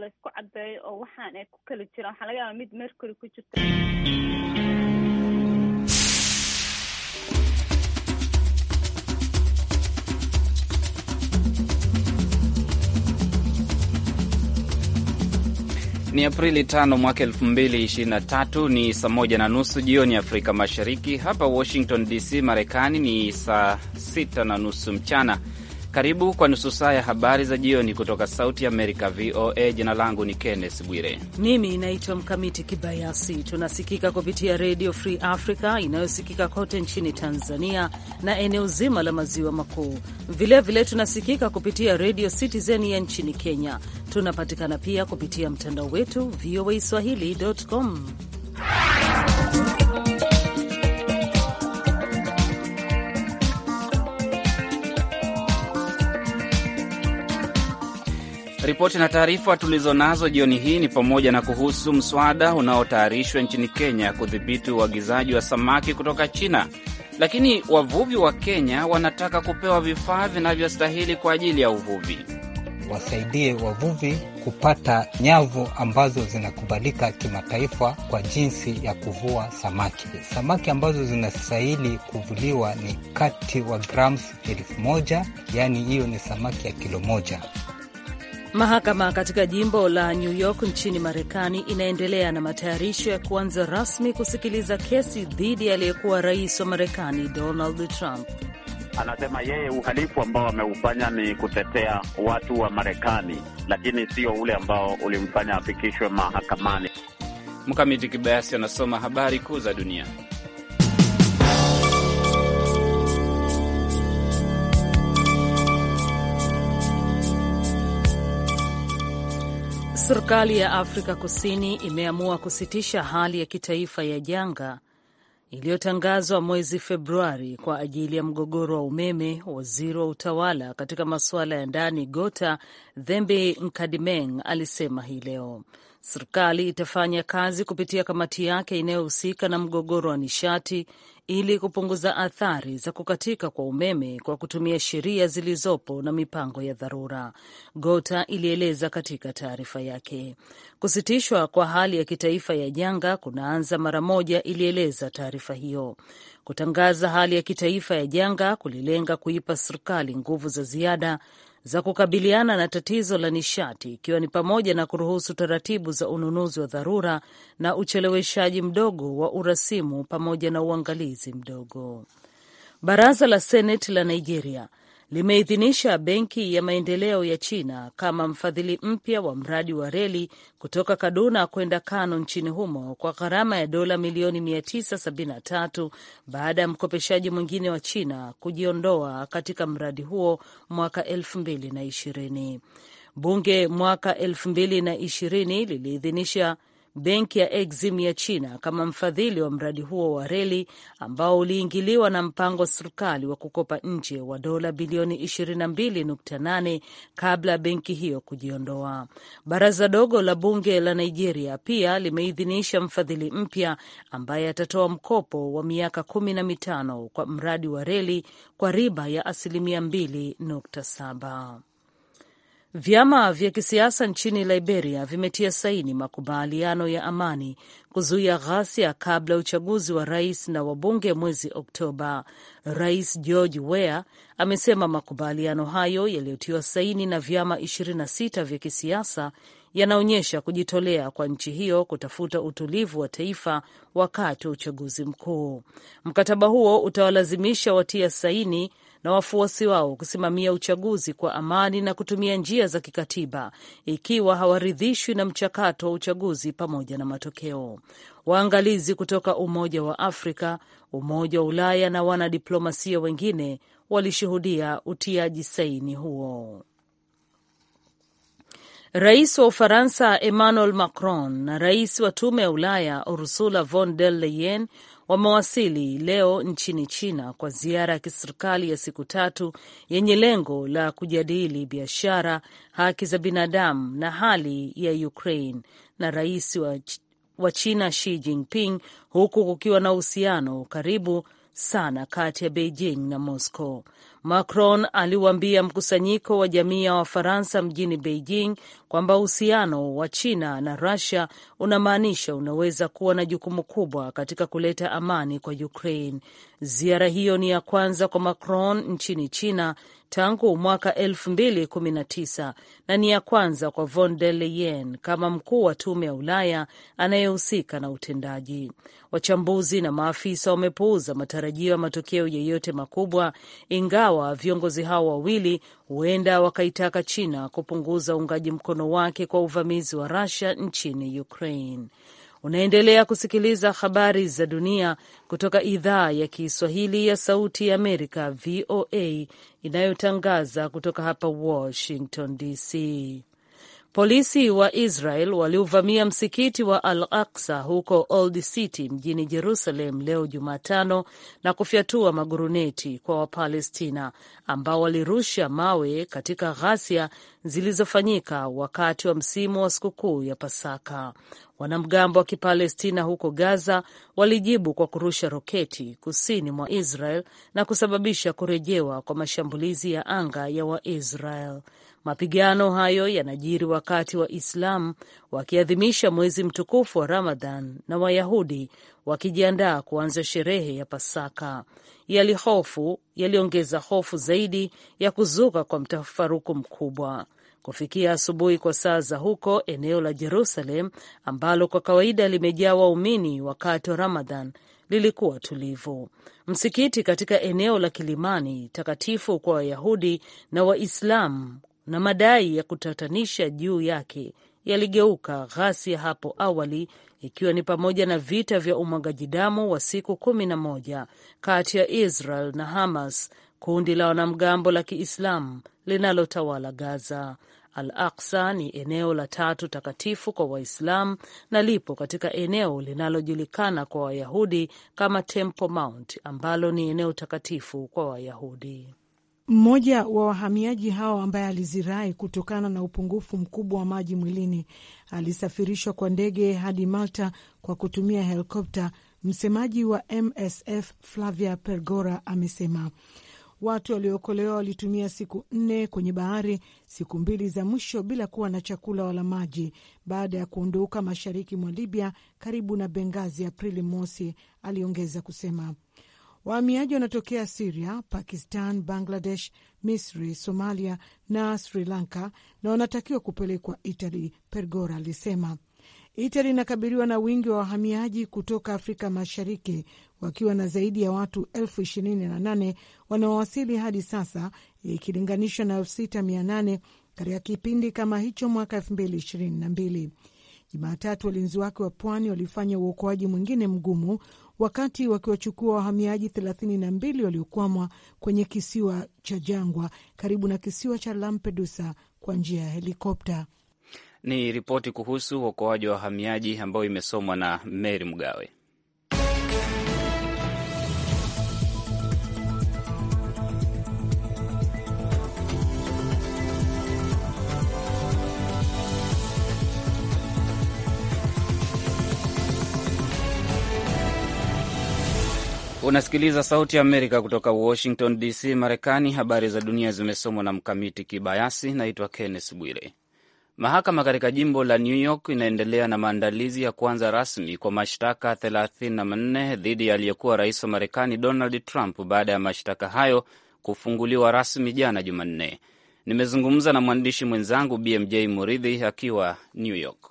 laysku cadeeyo oo waxaan ay ku kala jiraan waxaa laga yaaba mid mercury ku jirta Ni Aprili 5 mwaka elfu mbili tatu ni saa moja na nusu jioni Afrika Mashariki. Hapa Washington DC, Marekani, ni saa sita na nusu mchana. Karibu kwa nusu saa ya habari za jioni kutoka Sauti Amerika, VOA. Jina langu ni kennes Bwire. Mimi naitwa Mkamiti Kibayasi. Tunasikika kupitia Redio Free Africa inayosikika kote nchini Tanzania na eneo zima la maziwa makuu. Vilevile tunasikika kupitia Redio Citizen ya nchini Kenya. Tunapatikana pia kupitia mtandao wetu voa swahili.com Ripoti na taarifa tulizonazo jioni hii ni pamoja na kuhusu mswada unaotayarishwa nchini Kenya kudhibiti uagizaji wa samaki kutoka China, lakini wavuvi wa Kenya wanataka kupewa vifaa vinavyostahili kwa ajili ya uvuvi. Wasaidie wavuvi kupata nyavu ambazo zinakubalika kimataifa kwa jinsi ya kuvua samaki. Samaki ambazo zinastahili kuvuliwa ni kati wa grams elfu moja, yaani hiyo ni samaki ya kilo moja. Mahakama katika jimbo la New York nchini Marekani inaendelea na matayarisho ya kuanza rasmi kusikiliza kesi dhidi ya aliyekuwa rais wa Marekani Donald Trump. Anasema yeye uhalifu ambao ameufanya ni kutetea watu wa Marekani, lakini sio ule ambao ulimfanya afikishwe mahakamani. Mkamiti Kibayasi anasoma habari kuu za dunia. Serikali ya Afrika Kusini imeamua kusitisha hali ya kitaifa ya janga iliyotangazwa mwezi Februari kwa ajili ya mgogoro wa umeme. Waziri wa utawala katika masuala ya ndani Gota Thembi Nkadimeng alisema hii leo serikali itafanya kazi kupitia kamati yake inayohusika na mgogoro wa nishati ili kupunguza athari za kukatika kwa umeme kwa kutumia sheria zilizopo na mipango ya dharura, Gota ilieleza katika taarifa yake. Kusitishwa kwa hali ya kitaifa ya janga kunaanza mara moja, ilieleza taarifa hiyo. Kutangaza hali ya kitaifa ya janga kulilenga kuipa serikali nguvu za ziada za kukabiliana na tatizo la nishati ikiwa ni pamoja na kuruhusu taratibu za ununuzi wa dharura na ucheleweshaji mdogo wa urasimu pamoja na uangalizi mdogo. Baraza la Seneti la Nigeria limeidhinisha Benki ya Maendeleo ya China kama mfadhili mpya wa mradi wa reli kutoka Kaduna kwenda Kano nchini humo kwa gharama ya dola milioni 973 baada ya mkopeshaji mwingine wa China kujiondoa katika mradi huo mwaka 2020. Bunge mwaka ishirini liliidhinisha benki ya Exim ya China kama mfadhili wa mradi huo wa reli ambao uliingiliwa na mpango wa serikali wa kukopa nje wa dola bilioni 22.8 kabla ya benki hiyo kujiondoa. Baraza dogo la bunge la Nigeria pia limeidhinisha mfadhili mpya ambaye atatoa mkopo wa miaka kumi na mitano kwa mradi wa reli kwa riba ya asilimia 2.7. Vyama vya kisiasa nchini Liberia vimetia saini makubaliano ya amani kuzuia ghasia kabla ya uchaguzi wa rais na wabunge mwezi Oktoba. Rais George Weah amesema makubaliano hayo yaliyotiwa saini na vyama 26 vya kisiasa yanaonyesha kujitolea kwa nchi hiyo kutafuta utulivu wa taifa wakati wa uchaguzi mkuu. Mkataba huo utawalazimisha watia saini na wafuasi wao kusimamia uchaguzi kwa amani na kutumia njia za kikatiba ikiwa hawaridhishwi na mchakato wa uchaguzi pamoja na matokeo. Waangalizi kutoka Umoja wa Afrika, Umoja wa Ulaya na wanadiplomasia wengine walishuhudia utiaji saini huo. Rais wa Ufaransa Emmanuel Macron na rais wa Tume ya Ulaya Ursula von der Leyen wamewasili leo nchini China kwa ziara ya kiserikali ya siku tatu yenye lengo la kujadili biashara, haki za binadamu na hali ya Ukraine na rais wa, wa China Xi Jinping, huku kukiwa na uhusiano karibu sana kati ya Beijing na Moscow. Macron aliuambia mkusanyiko wa jamii ya Wafaransa mjini Beijing kwamba uhusiano wa China na Russia unamaanisha unaweza kuwa na jukumu kubwa katika kuleta amani kwa Ukraine. Ziara hiyo ni ya kwanza kwa Macron nchini China tangu mwaka 2019 na ni ya kwanza kwa von der Leyen kama mkuu wa tume ya Ulaya anayehusika na utendaji. Wachambuzi na maafisa wamepuuza matarajio ya matokeo yeyote makubwa ingawa ingawa viongozi hao wawili huenda wakaitaka China kupunguza uungaji mkono wake kwa uvamizi wa rasia nchini Ukraine. Unaendelea kusikiliza habari za dunia kutoka idhaa ya Kiswahili ya Sauti ya Amerika, VOA, inayotangaza kutoka hapa Washington DC. Polisi wa Israel waliuvamia msikiti wa Al Aksa huko Old City mjini Jerusalem leo Jumatano na kufyatua maguruneti kwa Wapalestina ambao walirusha mawe katika ghasia zilizofanyika wakati wa msimu wa sikukuu ya Pasaka. Wanamgambo wa Kipalestina huko Gaza walijibu kwa kurusha roketi kusini mwa Israel na kusababisha kurejewa kwa mashambulizi ya anga ya Waisrael. Mapigano hayo yanajiri wakati wa Islam wakiadhimisha mwezi mtukufu wa Ramadhan na Wayahudi wakijiandaa kuanza sherehe ya Pasaka. Yalihofu yaliongeza hofu zaidi ya kuzuka kwa mtafaruku mkubwa kufikia asubuhi kwa saa za huko eneo la Jerusalem ambalo kwa kawaida limejaa waumini wakati wa Ramadhan lilikuwa tulivu. Msikiti katika eneo la kilimani takatifu kwa Wayahudi na Waislamu na madai ya kutatanisha juu yake yaligeuka ghasia hapo awali, ikiwa ni pamoja na vita vya umwagaji damu wa siku kumi na moja kati ya Israel na Hamas, kundi la wanamgambo la Kiislamu linalotawala Gaza. Al Aksa ni eneo la tatu takatifu kwa Waislamu na lipo katika eneo linalojulikana kwa Wayahudi kama Temple Mount, ambalo ni eneo takatifu kwa Wayahudi. Mmoja wa wahamiaji hao ambaye alizirai kutokana na upungufu mkubwa wa maji mwilini alisafirishwa kwa ndege hadi Malta kwa kutumia helikopta. Msemaji wa MSF Flavia Pergora amesema watu waliookolewa walitumia siku nne kwenye bahari, siku mbili za mwisho bila kuwa na chakula wala maji, baada ya kuondoka mashariki mwa Libya karibu na Bengazi Aprili mosi. Aliongeza kusema Wahamiaji wanatokea Siria, Pakistan, Bangladesh, Misri, Somalia na Sri Lanka na wanatakiwa kupelekwa italy Pergora alisema. Itali inakabiliwa na wingi wa wahamiaji kutoka Afrika Mashariki, wakiwa na zaidi ya watu elfu ishirini na nane wanaowasili hadi sasa ikilinganishwa na elfu sita mia nane katika kipindi kama hicho mwaka elfu mbili ishirini na mbili. Jumatatu, walinzi wake wa pwani walifanya uokoaji mwingine mgumu wakati wakiwachukua wahamiaji thelathini na mbili waliokwamwa kwenye kisiwa cha jangwa karibu na kisiwa cha Lampedusa kwa njia ya helikopta. Ni ripoti kuhusu uokoaji wa wahamiaji ambayo imesomwa na Meri Mgawe. Unasikiliza Sauti ya Amerika kutoka Washington DC, Marekani. Habari za dunia zimesomwa na Mkamiti Kibayasi. Naitwa Kenneth Bwire. Mahakama katika jimbo la New York inaendelea na maandalizi ya kuanza rasmi kwa mashtaka 34 dhidi ya aliyekuwa rais wa Marekani Donald Trump baada ya mashtaka hayo kufunguliwa rasmi jana Jumanne. Nimezungumza na mwandishi mwenzangu BMJ Muridhi akiwa New York.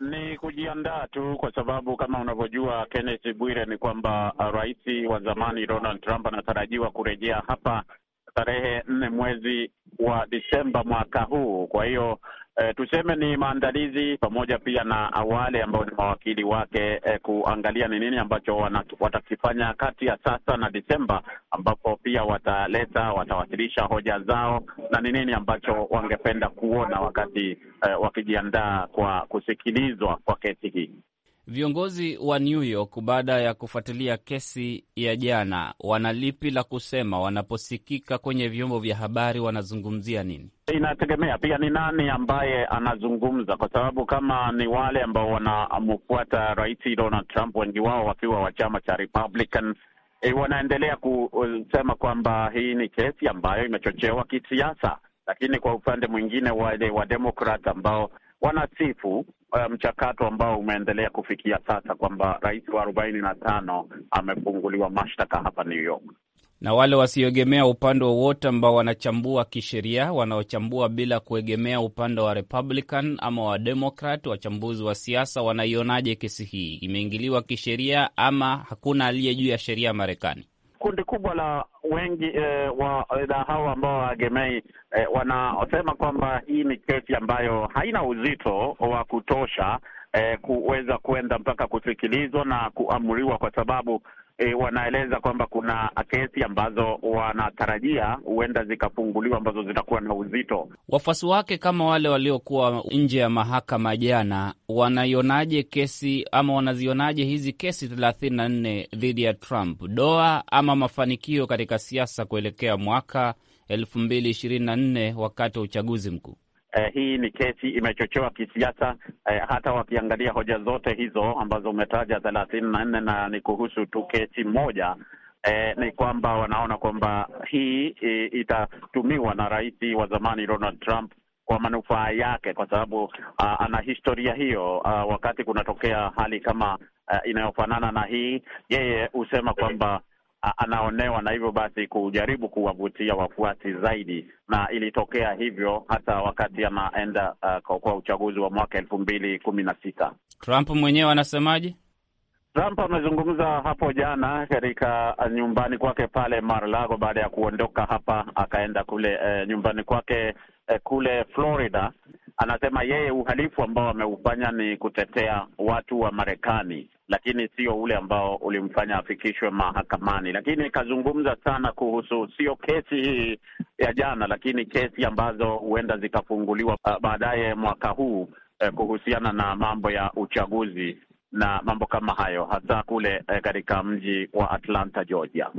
Ni kujiandaa tu kwa sababu kama unavyojua Kenneth Bwire, ni kwamba uh, rais wa zamani Donald Trump anatarajiwa kurejea hapa tarehe nne mwezi wa Disemba mwaka huu. Kwa hiyo e, tuseme ni maandalizi pamoja pia na awali ambao ni mawakili wake e, kuangalia ni nini ambacho watakifanya kati ya sasa na Desemba, ambapo pia wataleta watawasilisha hoja zao na ni nini ambacho wangependa kuona wakati e, wakijiandaa kwa kusikilizwa kwa kesi hii. Viongozi wa New York baada ya kufuatilia kesi ya jana, wana lipi la kusema? Wanaposikika kwenye vyombo vya habari wanazungumzia nini? Inategemea pia ni nani ambaye anazungumza, kwa sababu kama ni wale ambao wanamfuata rais Donald Trump, wengi wao wakiwa wa chama cha Republican, e, wanaendelea kusema kwamba hii ni kesi ambayo imechochewa kisiasa, lakini kwa upande mwingine wale wa Democrat ambao wanasifu uh, mchakato ambao umeendelea kufikia sasa kwamba rais wa arobaini na tano amefunguliwa mashtaka hapa New York na wale wasioegemea upande wowote ambao wanachambua kisheria, wanaochambua bila kuegemea upande wa Republican ama wa Democrat, wachambuzi wa siasa wanaionaje kesi hii? Imeingiliwa kisheria ama hakuna aliye juu ya sheria Marekani? kundi kubwa la wengi eh, wa hawa ambao wagemei eh, wanasema kwamba hii ni kesi ambayo haina uzito wa kutosha eh, kuweza kuenda mpaka kusikilizwa na kuamriwa kwa sababu e, wanaeleza kwamba kuna kesi ambazo wanatarajia huenda zikafunguliwa ambazo zitakuwa na uzito. Wafuasi wake kama wale waliokuwa nje ya mahakama jana, wanaionaje kesi ama wanazionaje hizi kesi thelathini na nne dhidi ya Trump, doa ama mafanikio katika siasa kuelekea mwaka elfu mbili ishirini na nne wakati wa uchaguzi mkuu? eh, hii ni kesi imechochewa kisiasa eh, hata wakiangalia hoja zote hizo ambazo umetaja thelathini na nne na ni kuhusu tu kesi moja eh, ni kwamba wanaona kwamba hii eh, itatumiwa na rais wa zamani Donald Trump kwa manufaa yake, kwa sababu uh, ana historia hiyo. Uh, wakati kunatokea hali kama uh, inayofanana na hii, yeye husema kwamba anaonewa na hivyo basi kujaribu kuwavutia wafuasi zaidi, na ilitokea hivyo hata wakati anaenda uh, kwa uchaguzi wa mwaka elfu mbili kumi na sita. Trump mwenyewe anasemaje? Trump amezungumza hapo jana katika nyumbani kwake pale Mar-a-Lago baada ya kuondoka hapa akaenda kule eh, nyumbani kwake eh, kule Florida anasema yeye uhalifu ambao ameufanya ni kutetea watu wa Marekani, lakini sio ule ambao ulimfanya afikishwe mahakamani. Lakini kazungumza sana kuhusu sio kesi hii ya jana, lakini kesi ambazo huenda zikafunguliwa uh, baadaye mwaka huu eh, kuhusiana na mambo ya uchaguzi na mambo kama hayo, hasa kule eh, katika mji wa Atlanta, Georgia.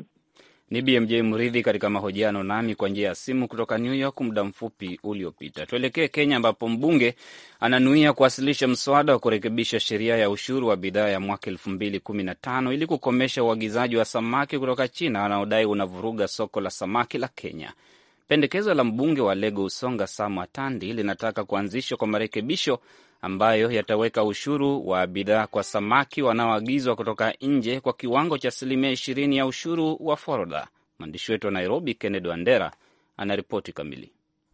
Ni BMJ Mridhi katika mahojiano nami kwa njia ya simu kutoka New York muda mfupi uliopita. Tuelekee Kenya ambapo mbunge ananuia kuwasilisha mswada wa kurekebisha sheria ya ushuru wa bidhaa ya mwaka elfu mbili kumi na tano ili kukomesha uagizaji wa samaki kutoka China anaodai unavuruga soko la samaki la Kenya. Pendekezo la mbunge wa Lego Usonga samatandi linataka kuanzishwa kwa marekebisho ambayo yataweka ushuru wa bidhaa kwa samaki wanaoagizwa kutoka nje kwa kiwango cha asilimia ishirini ya ushuru wa forodha. Mwandishi wetu wa Nairobi, Kennedy Wandera, anaripoti kamili.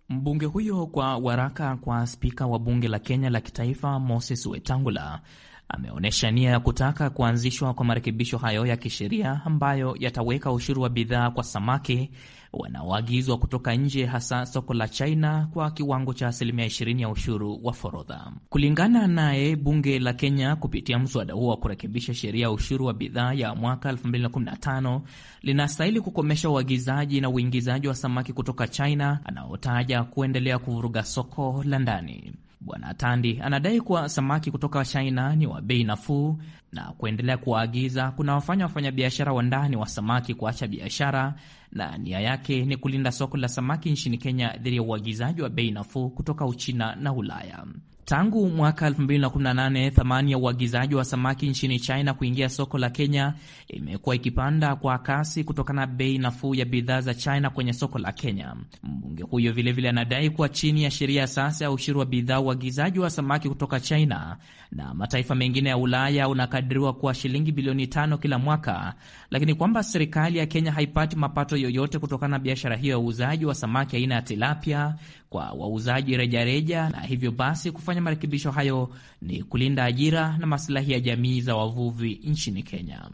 Mbunge huyo kwa waraka kwa spika wa bunge la Kenya la kitaifa Moses Wetangula ameonyesha nia ya kutaka kuanzishwa kwa marekebisho hayo ya kisheria ambayo yataweka ushuru wa bidhaa kwa samaki wanaoagizwa kutoka nje hasa soko la China kwa kiwango cha asilimia 20 ya ushuru wa forodha. Kulingana naye, bunge la Kenya kupitia mswada huo wa kurekebisha sheria ya ushuru wa bidhaa ya mwaka 2015 linastahili kukomesha uagizaji na uingizaji wa samaki kutoka China anaotaja kuendelea kuvuruga soko la ndani. Bwana Tandi anadai kuwa samaki kutoka China ni wa bei nafuu na kuendelea kuwaagiza kunawafanya wafanyabiashara wa ndani wa samaki kuacha biashara, na nia yake ni kulinda soko la samaki nchini Kenya dhidi ya uagizaji wa bei nafuu kutoka Uchina na Ulaya. Tangu mwaka 2018 thamani ya uagizaji wa samaki nchini China kuingia soko la Kenya imekuwa ikipanda kwa kasi kutokana na bei nafuu ya bidhaa za China kwenye soko la Kenya. Mbunge huyo vilevile anadai kuwa chini ya sheria sasa ya ushuru wa bidhaa, uagizaji wa samaki kutoka China na mataifa mengine ya Ulaya unakadiriwa kuwa shilingi bilioni tano kila mwaka, lakini kwamba serikali ya Kenya haipati mapato yoyote kutokana na biashara hiyo ya uuzaji wa samaki aina ya tilapia kwa wauzaji rejareja, na hivyo basi kufanya marekebisho hayo ni kulinda ajira na masilahi ya jamii za wavuvi nchini Kenya.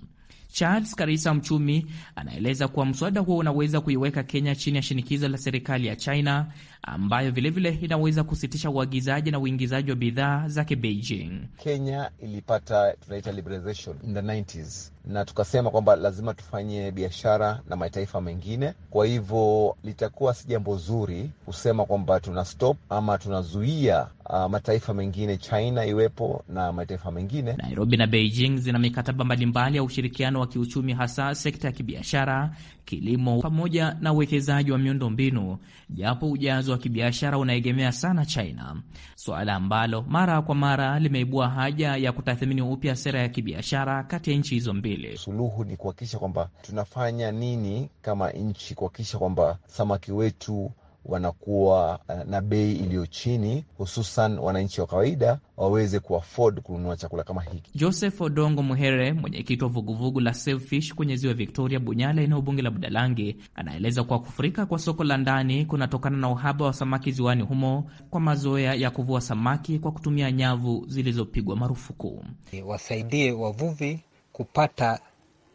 Charles Karisa, mchumi, anaeleza kuwa mswada huo unaweza kuiweka Kenya chini ya shinikizo la serikali ya China ambayo vilevile vile inaweza kusitisha uagizaji na uingizaji wa bidhaa zake Beijing. Kenya ilipata tunaita liberalization in the 90s na tukasema kwamba lazima tufanye biashara na mataifa mengine. Kwa hivyo litakuwa si jambo zuri kusema kwamba tuna stop ama tunazuia uh, mataifa mengine China iwepo na mataifa mengine. Nairobi na Beijing zina mikataba mbalimbali ya ushirikiano wa kiuchumi, hasa sekta ya kibiashara, kilimo pamoja na uwekezaji wa miundo mbinu japo ujazo wa kibiashara unaegemea sana China, suala ambalo mara kwa mara limeibua haja ya kutathmini upya sera ya kibiashara kati ya nchi hizo mbili hili. Suluhu ni kuhakikisha kwamba tunafanya nini kama nchi kuhakikisha kwamba samaki wetu wanakuwa eh, na bei iliyo chini, hususan wananchi wa kawaida waweze kuafford kununua chakula kama hiki. Joseph Odongo Muhere, mwenyekiti wa vuguvugu la Savefish kwenye ziwa Victoria, Bunyala, eneo bunge la Budalangi, anaeleza kuwa kufurika kwa soko la ndani kunatokana na uhaba wa samaki ziwani humo kwa mazoea ya kuvua samaki kwa kutumia nyavu zilizopigwa marufuku. Wasaidie wavuvi kupata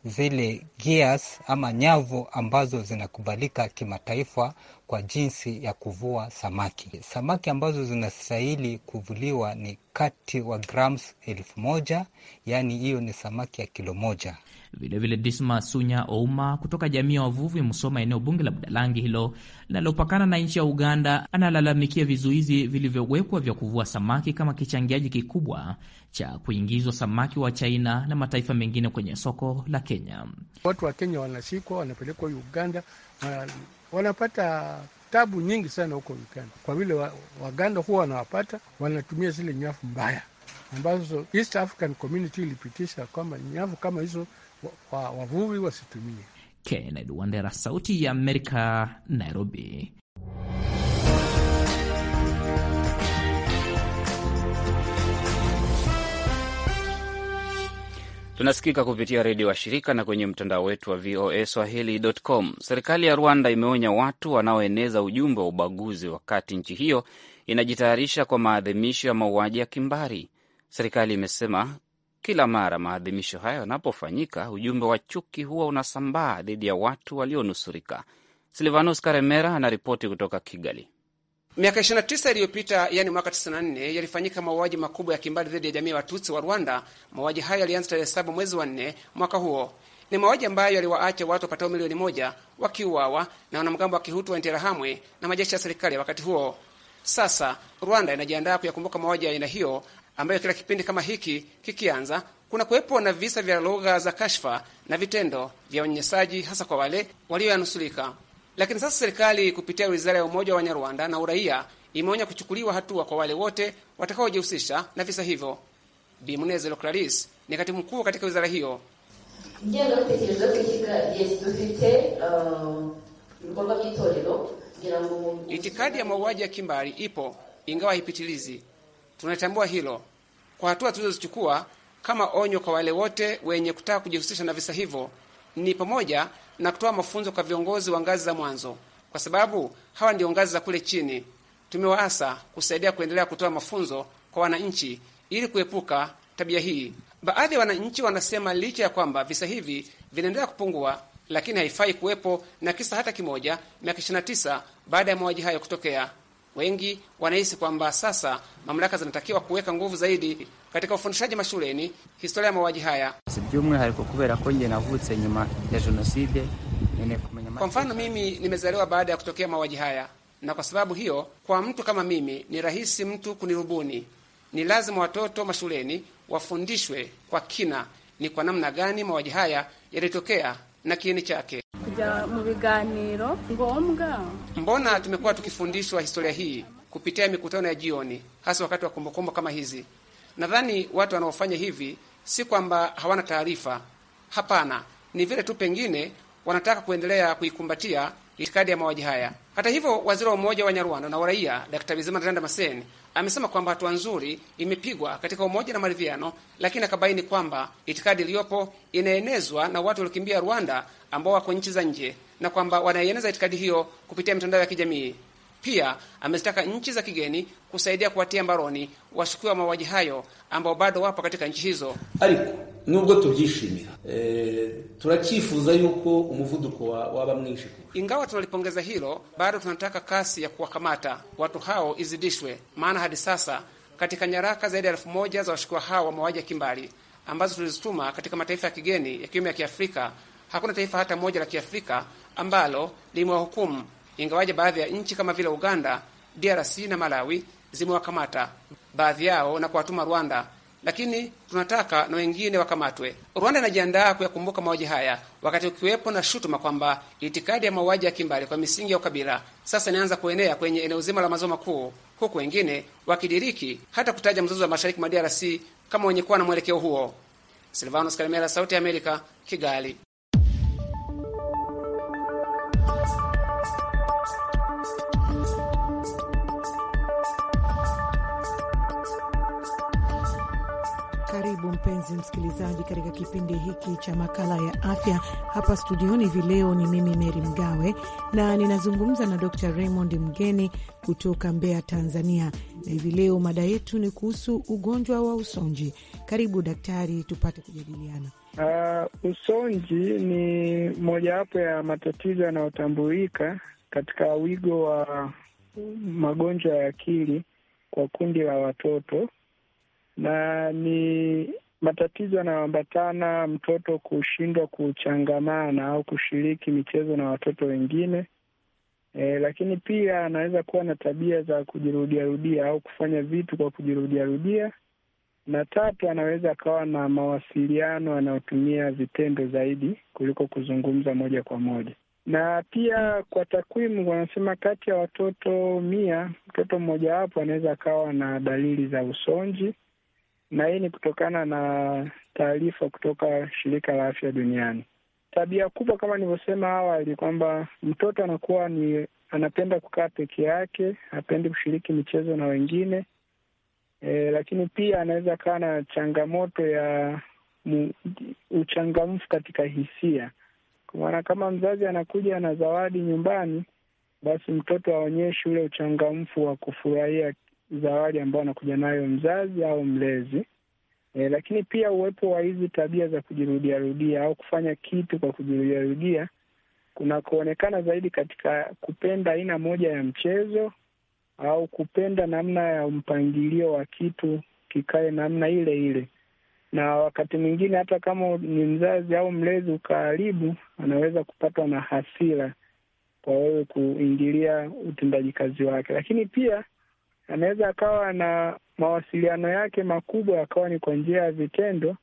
zile gears ama nyavu ambazo zinakubalika kimataifa kwa jinsi ya kuvua samaki. Samaki ambazo zinastahili kuvuliwa ni kati wa grams elfu moja, yaani hiyo ni samaki ya kilo moja. Vilevile Disma Sunya Ouma kutoka jamii ya wavuvi Musoma, eneo bunge la Budalangi hilo linalopakana na nchi ya Uganda, analalamikia vizuizi vilivyowekwa vya kuvua samaki kama kichangiaji kikubwa cha kuingizwa samaki wa China na mataifa mengine kwenye soko la Kenya. Watu wa Kenya wanashikwa, wanapelekwa Uganda, wanapata tabu nyingi sana huko Uganda kwa vile Waganda wa huwa wanawapata, wanatumia zile nyavu mbaya ambazo East African Community ilipitisha kwamba nyavu kama hizo wavuvi wasitumie. Kennedy Wandera, Sauti ya Amerika, Nairobi. Tunasikika kupitia redio wa shirika na kwenye mtandao wetu wa VOA Swahili.com. Serikali ya Rwanda imeonya watu wanaoeneza ujumbe wa ubaguzi wakati nchi hiyo inajitayarisha kwa maadhimisho ya mauaji ya kimbari. Serikali imesema kila mara maadhimisho hayo yanapofanyika, ujumbe wa chuki huwa unasambaa dhidi ya watu walionusurika. Silvanus Karemera anaripoti kutoka Kigali. Miaka 29 iliyopita, yani mwaka 94, yalifanyika mauaji makubwa ya kimbali dhidi ya jamii ya Watutsi wa Rwanda. Mauaji hayo yalianza tarehe saba mwezi wa nne mwaka huo. Ni mauaji ambayo yaliwaacha watu wapatao milioni moja wakiuawa na wanamgambo wa Kihutu wa Interahamwe na majeshi ya serikali ya wakati huo. Sasa Rwanda inajiandaa kuyakumbuka mauaji ya aina hiyo ambayo kila kipindi kama hiki kikianza, kuna kuwepo na visa vya lugha za kashfa na vitendo vya unyenyesaji hasa kwa wale walioyanusulika. Lakini sasa serikali kupitia wizara ya umoja wa Nyarwanda na uraia imeonya kuchukuliwa hatua kwa wale wote watakaojihusisha na visa hivyo. Bimunezero Clarisse ni katibu mkuu katika wizara hiyo. Uh, Itikadi ya mauaji ya kimbari ipo, ingawa haipitilizi Tunatambua hilo kwa hatua tulizozichukua kama onyo kwa wale wote wenye kutaka kujihusisha na visa hivyo, ni pamoja na kutoa mafunzo kwa viongozi wa ngazi za mwanzo, kwa sababu hawa ndio ngazi za kule chini. Tumewaasa kusaidia kuendelea kutoa mafunzo kwa wananchi ili kuepuka tabia hii. Baadhi ya wananchi wanasema licha ya kwamba visa hivi vinaendelea kupungua, lakini haifai kuwepo na kisa hata kimoja miaka 29 baada ya mauaji hayo kutokea. Wengi wanahisi kwamba sasa mamlaka zinatakiwa kuweka nguvu zaidi katika ufundishaji mashuleni historia ya mauaji haya. Kwa mfano, mimi nimezaliwa baada ya kutokea mauaji haya, na kwa sababu hiyo, kwa mtu kama mimi ni rahisi mtu kunirubuni. Ni lazima watoto mashuleni wafundishwe kwa kina ni kwa namna gani mauaji haya yalitokea na kiini chake kuja mu biganiro ngombwa. Mbona tumekuwa tukifundishwa historia hii kupitia mikutano ya jioni, hasa wakati wa kumbukumbu kama hizi. Nadhani watu wanaofanya hivi si kwamba hawana taarifa, hapana, ni vile tu pengine wanataka kuendelea kuikumbatia itikadi ya mauaji haya. Hata hivyo, waziri wa Umoja wa Nyarwanda na Uraia Dkt. Bizimana Maseni amesema kwamba hatua nzuri imepigwa katika umoja na maridhiano, lakini akabaini kwamba itikadi iliyopo inaenezwa na watu waliokimbia Rwanda ambao wako nchi za nje na kwamba wanaieneza itikadi hiyo kupitia mitandao ya kijamii. Pia amezitaka nchi za kigeni kusaidia kuwatia mbaroni washukiwa mauaji hayo ambao bado wapo katika nchi hizo. ariko nubwo tubyishimira e, eh, turacyifuza yuko umuvuduko waba mwinshi. Ingawa tunalipongeza hilo, bado tunataka kasi ya kuwakamata watu hao izidishwe, maana hadi sasa katika nyaraka zaidi ya elfu moja za washukiwa hao wa mauaji ya kimbali ambazo tulizituma katika mataifa ya kigeni yakiwemo ya Kiafrika, hakuna taifa hata moja la Kiafrika ambalo limewahukumu ingawaje baadhi ya nchi kama vile Uganda, DRC na Malawi zimewakamata baadhi yao na kuwatuma Rwanda, lakini tunataka na wengine wakamatwe. Rwanda inajiandaa kuyakumbuka mauaji haya, wakati ukiwepo na shutuma kwamba itikadi ya mauaji ya kimbali kwa misingi ya ukabila sasa inaanza kuenea kwenye eneo zima la maziwa makuu, huku wengine wakidiriki hata kutaja mzozo wa mashariki mwa DRC kama wenye kuwa na mwelekeo huo. Silvanos Kalemera, Sauti ya Amerika, Kigali. mpenzi msikilizaji, katika kipindi hiki cha makala ya afya hapa studioni hivi leo ni mimi Meri Mgawe na ninazungumza na Dr Raymond Mgeni kutoka Mbeya, Tanzania, na hivi leo mada yetu ni kuhusu ugonjwa wa usonji. Karibu daktari, tupate kujadiliana. Uh, usonji ni mojawapo ya matatizo yanayotambulika katika wigo wa magonjwa ya akili kwa kundi la watoto na ni matatizo yanayoambatana mtoto kushindwa kuchangamana au kushiriki michezo na watoto wengine. E, lakini pia anaweza kuwa na tabia za kujirudiarudia au kufanya vitu kwa kujirudiarudia, na tatu, anaweza akawa na mawasiliano anayotumia vitendo zaidi kuliko kuzungumza moja kwa moja. Na pia kwa takwimu wanasema kati ya watoto mia, mtoto mmojawapo anaweza akawa na dalili za usonji na hii ni kutokana na taarifa kutoka shirika la afya duniani. Tabia kubwa kama nilivyosema awali kwamba mtoto anakuwa ni anapenda kukaa peke yake, hapendi kushiriki michezo na wengine e, lakini pia anaweza kaa na changamoto ya uchangamfu katika hisia, kwa maana kama mzazi anakuja na zawadi nyumbani, basi mtoto aonyeshe ule uchangamfu wa kufurahia zawadi ambayo anakuja nayo mzazi au mlezi e, lakini pia uwepo wa hizi tabia za kujirudiarudia au kufanya kitu kwa kujirudiarudia kunakoonekana zaidi katika kupenda aina moja ya mchezo au kupenda namna ya mpangilio wa kitu kikae namna ile ile, na wakati mwingine hata kama ni mzazi au mlezi ukaharibu, anaweza kupatwa na hasira kwa wewe kuingilia utendaji kazi wake, lakini pia anaweza akawa na mawasiliano yake makubwa yakawa ni kwa njia ya vitendo,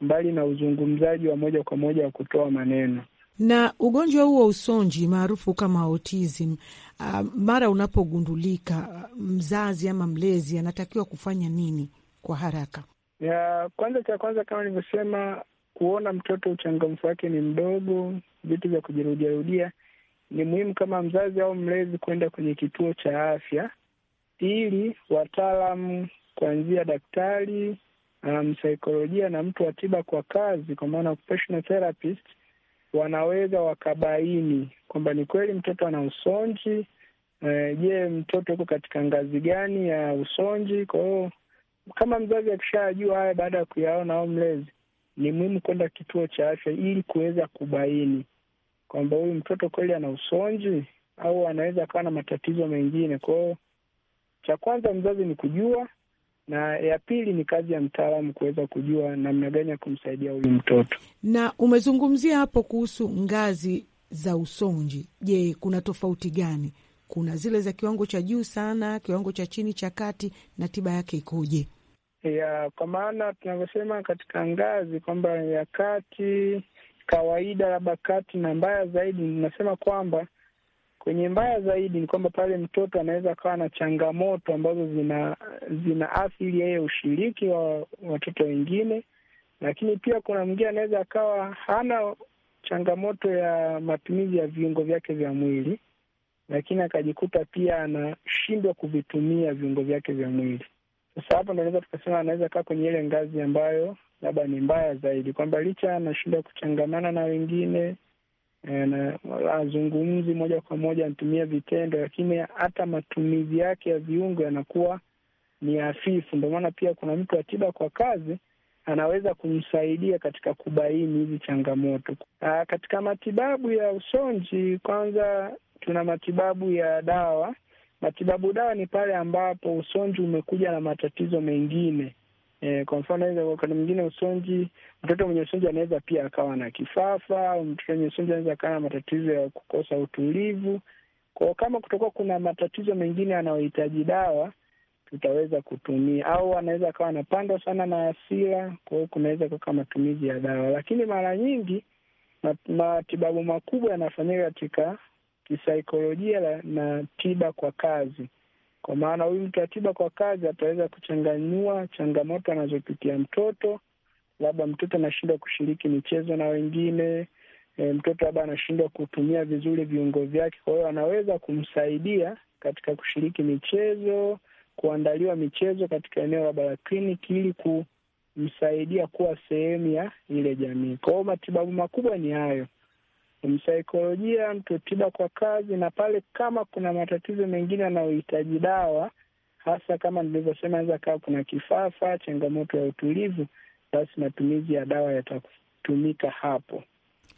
mbali na uzungumzaji wa moja kwa moja wa kutoa maneno. Na ugonjwa huu wa usonji maarufu kama autism, uh, mara unapogundulika, mzazi ama mlezi anatakiwa kufanya nini kwa haraka? Ya, kwanza cha kwanza kama nilivyosema, kuona mtoto uchangamfu wake ni mdogo, vitu vya kujirudiarudia, ni muhimu kama mzazi au mlezi kwenda kwenye kituo cha afya ili wataalam kuanzia daktari, msaikolojia um, na mtu wa tiba kwa kazi, kwa maana occupational therapist, wanaweza wakabaini kwamba ni kweli mtoto ana usonji. Eh, je, uh, mtoto uko katika ngazi gani ya usonji? Kwa hiyo kama mzazi akishayajua haya baada ya kuyaona au mlezi, ni muhimu kwenda kituo cha afya ili kuweza kubaini kwamba huyu mtoto kweli ana usonji au anaweza akawa na matatizo mengine. Kwa hiyo cha kwanza mzazi ni kujua, na ya pili ni kazi ya mtaalamu kuweza kujua namna gani ya kumsaidia huyu mtoto. Na umezungumzia hapo kuhusu ngazi za usonji. Je, kuna tofauti gani? Kuna zile za kiwango cha juu sana, kiwango cha chini, cha kati, na tiba yake ikoje? Ya, kwa maana tunavyosema katika ngazi kwamba ya kati kawaida, labda kati na mbaya zaidi, nasema kwamba Kwenye mbaya zaidi ni kwamba pale mtoto anaweza akawa na changamoto ambazo zina athiri yeye ushiriki wa watoto wengine, lakini pia kuna mwingine anaweza akawa hana changamoto ya matumizi ya viungo vyake vya mwili, lakini akajikuta pia anashindwa kuvitumia viungo vyake vya mwili. Sasa hapo ndo naweza tukasema anaweza kaa kwenye ile ngazi ambayo labda ni mbaya zaidi, kwamba licha anashindwa kuchangamana na wengine Uh, azungumzi moja kwa moja, anatumia vitendo, lakini hata matumizi yake ya viungo yanakuwa ni hafifu. Ndio maana pia kuna mtu wa tiba kwa kazi anaweza kumsaidia katika kubaini hizi changamoto. Ah, katika matibabu ya usonji, kwanza tuna matibabu ya dawa. Matibabu dawa ni pale ambapo usonji umekuja na matatizo mengine E, kwa mfano naweza wakati mwingine usonji, mtoto mwenye usonji anaweza pia akawa na kifafa, au mtoto mwenye usonji anaweza akawa na matatizo ya kukosa utulivu. Kwa kama kutokuwa kuna matatizo mengine anayohitaji dawa tutaweza kutumia, au anaweza akawa anapandwa sana na hasira, kwa hiyo kunaweza kuka matumizi ya dawa, lakini mara nyingi matibabu makubwa yanafanyika katika kisaikolojia na tiba kwa kazi. Kwa maana huyu mtu atiba kwa kazi ataweza kuchanganua changamoto anazopitia mtoto, labda mtoto anashindwa kushiriki michezo na wengine e, mtoto labda anashindwa kutumia vizuri viungo vyake. Kwa hiyo anaweza kumsaidia katika kushiriki michezo, kuandaliwa michezo katika eneo labda la kliniki ili kumsaidia kuwa sehemu ya ile jamii. Kwa hiyo matibabu makubwa ni hayo msaikolojia, mtu tiba kwa kazi, na pale kama kuna matatizo mengine yanayohitaji dawa, hasa kama nilivyosema, naweza kawa kuna kifafa, changamoto ya utulivu, basi matumizi ya dawa yatatumika hapo.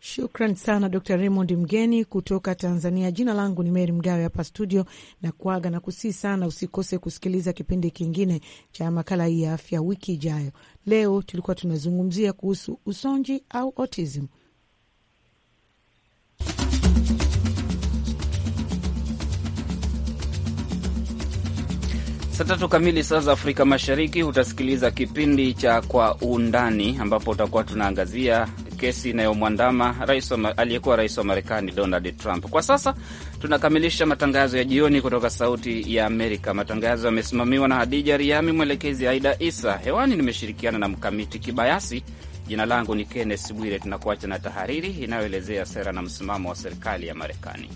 Shukran sana Dr Raymond Mgeni kutoka Tanzania. Jina langu ni Meri Mgawe hapa studio na kuaga na kusii sana. Usikose kusikiliza kipindi kingine cha makala hii ya afya wiki ijayo. Leo tulikuwa tunazungumzia kuhusu usonji au autism. Saa tatu kamili saa za Afrika Mashariki utasikiliza kipindi cha Kwa Undani, ambapo utakuwa tunaangazia kesi inayomwandama aliyekuwa rais wa Marekani Donald Trump. Kwa sasa tunakamilisha matangazo ya jioni kutoka Sauti ya Amerika. Matangazo yamesimamiwa na Hadija Riami, mwelekezi Aida Isa. Hewani nimeshirikiana na Mkamiti Kibayasi. Jina langu ni Kenneth Bwire. Tunakuacha na tahariri inayoelezea sera na msimamo wa serikali ya Marekani.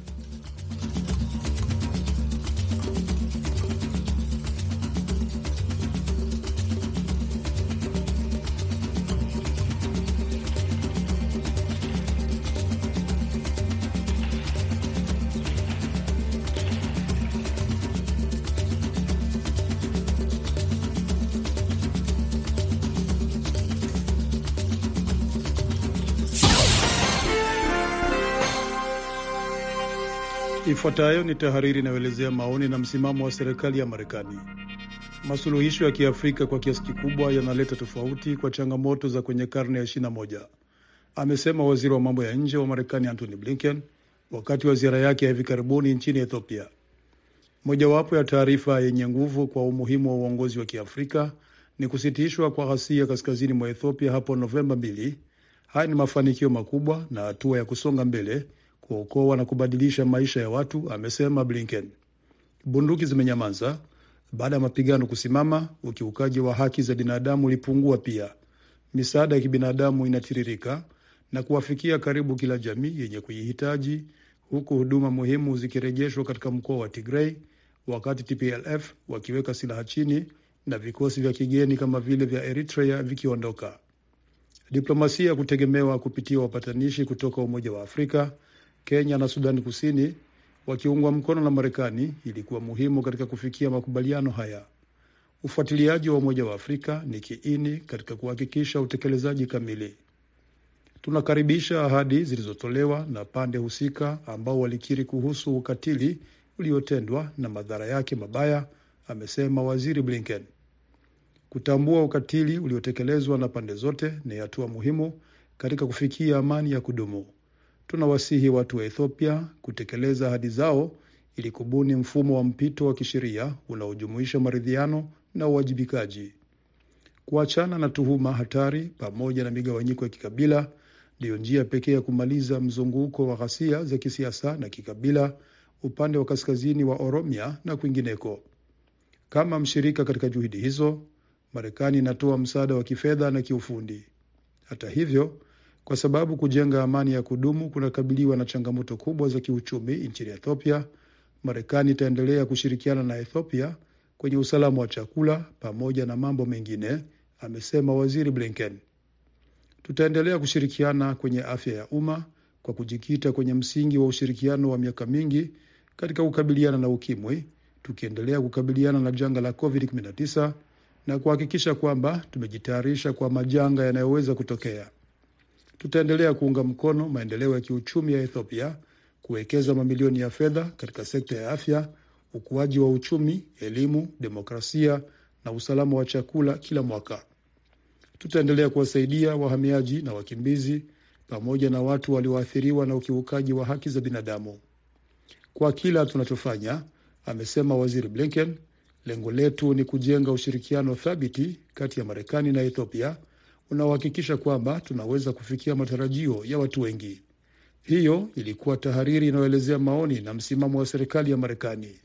Ifuatayo ni tahariri inayoelezea maoni na msimamo wa serikali ya Marekani. Masuluhisho ya Kiafrika kwa kiasi kikubwa yanaleta tofauti kwa changamoto za kwenye karne ya 21, amesema waziri wa mambo ya nje wa Marekani Antony Blinken wakati wa ziara yake ya hivi karibuni nchini Ethiopia. Mojawapo ya taarifa yenye nguvu kwa umuhimu wa uongozi wa Kiafrika ni kusitishwa kwa ghasia kaskazini mwa Ethiopia hapo Novemba 2. Haya ni mafanikio makubwa na hatua ya kusonga mbele kuokoa na kubadilisha maisha ya watu, amesema Blinken. Bunduki zimenyamaza baada ya mapigano kusimama. Ukiukaji wa haki za binadamu ulipungua pia. Misaada ya kibinadamu inatiririka na kuwafikia karibu kila jamii yenye kuihitaji, huku huduma muhimu zikirejeshwa katika mkoa wa tigrei wakati TPLF wakiweka silaha chini na vikosi vya kigeni kama vile vya Eritrea vikiondoka. Diplomasia ya kutegemewa kupitia wapatanishi kutoka Umoja wa Afrika Kenya na Sudani Kusini wakiungwa mkono na Marekani ilikuwa muhimu katika kufikia makubaliano haya. Ufuatiliaji wa Umoja wa Afrika ni kiini katika kuhakikisha utekelezaji kamili. Tunakaribisha ahadi zilizotolewa na pande husika ambao walikiri kuhusu ukatili uliotendwa na madhara yake mabaya, amesema Waziri Blinken. Kutambua ukatili uliotekelezwa na pande zote ni hatua muhimu katika kufikia amani ya kudumu tunawasihi watu wa Ethiopia kutekeleza ahadi zao ili kubuni mfumo wa mpito wa kisheria unaojumuisha maridhiano na uwajibikaji. Kuachana na tuhuma hatari pamoja na migawanyiko ya kikabila ndiyo njia pekee ya kumaliza mzunguko wa ghasia za kisiasa na kikabila upande wa kaskazini wa Oromia na kwingineko. Kama mshirika katika juhudi hizo, Marekani inatoa msaada wa kifedha na kiufundi. Hata hivyo, kwa sababu kujenga amani ya kudumu kunakabiliwa na changamoto kubwa za kiuchumi nchini Ethiopia. Marekani itaendelea kushirikiana na Ethiopia kwenye usalama wa chakula pamoja na mambo mengine, amesema Waziri Blinken. Tutaendelea kushirikiana kwenye afya ya umma kwa kujikita kwenye msingi wa ushirikiano wa miaka mingi katika kukabiliana na ukimwi, tukiendelea kukabiliana na janga la COVID-19 na kuhakikisha kwamba tumejitayarisha kwa majanga yanayoweza kutokea. Tutaendelea kuunga mkono maendeleo ya kiuchumi ya Ethiopia, kuwekeza mamilioni ya fedha katika sekta ya afya, ukuaji wa uchumi, elimu, demokrasia na usalama wa chakula kila mwaka. Tutaendelea kuwasaidia wahamiaji na wakimbizi pamoja na watu walioathiriwa na ukiukaji wa haki za binadamu kwa kila tunachofanya, amesema Waziri Blinken. Lengo letu ni kujenga ushirikiano thabiti kati ya Marekani na Ethiopia unaohakikisha kwamba tunaweza kufikia matarajio ya watu wengi. Hiyo ilikuwa tahariri inayoelezea maoni na msimamo wa serikali ya Marekani.